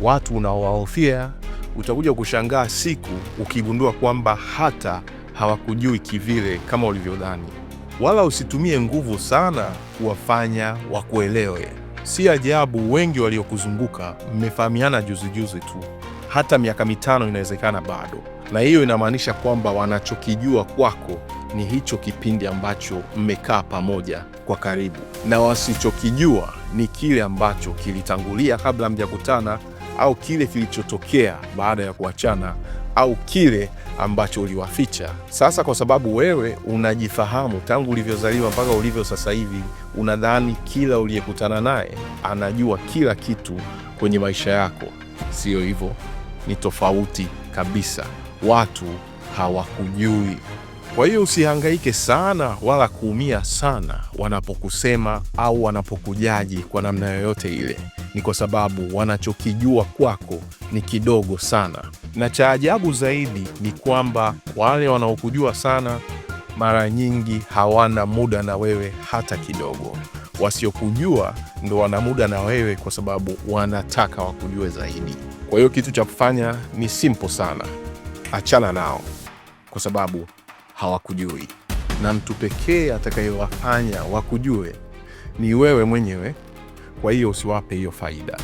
watu unaowahofia, utakuja kushangaa siku ukigundua kwamba hata hawakujui kivile kama ulivyodhani. Wala usitumie nguvu sana kuwafanya wakuelewe. Si ajabu wengi waliokuzunguka mmefahamiana juzijuzi tu, hata miaka mitano inawezekana bado, na hiyo inamaanisha kwamba wanachokijua kwako ni hicho kipindi ambacho mmekaa pamoja kwa karibu, na wasichokijua ni kile ambacho kilitangulia kabla mjakutana au kile kilichotokea baada ya kuachana au kile ambacho uliwaficha. Sasa kwa sababu wewe unajifahamu tangu ulivyozaliwa mpaka ulivyo sasa hivi, unadhani kila uliyekutana naye anajua kila kitu kwenye maisha yako. Siyo hivyo, ni tofauti kabisa. Watu hawakujui. Kwa hiyo usihangaike sana wala kuumia sana wanapokusema au wanapokujaji kwa namna yoyote ile ni kwa sababu wanachokijua kwako ni kidogo sana, na cha ajabu zaidi ni kwamba wale wanaokujua sana mara nyingi hawana muda na wewe hata kidogo. Wasiokujua ndo wana muda na wewe kwa sababu wanataka wakujue zaidi. Kwa hiyo kitu cha kufanya ni simple sana, achana nao kwa sababu hawakujui, na mtu pekee atakayewafanya wakujue ni wewe mwenyewe kwa hiyo usiwape hiyo faida.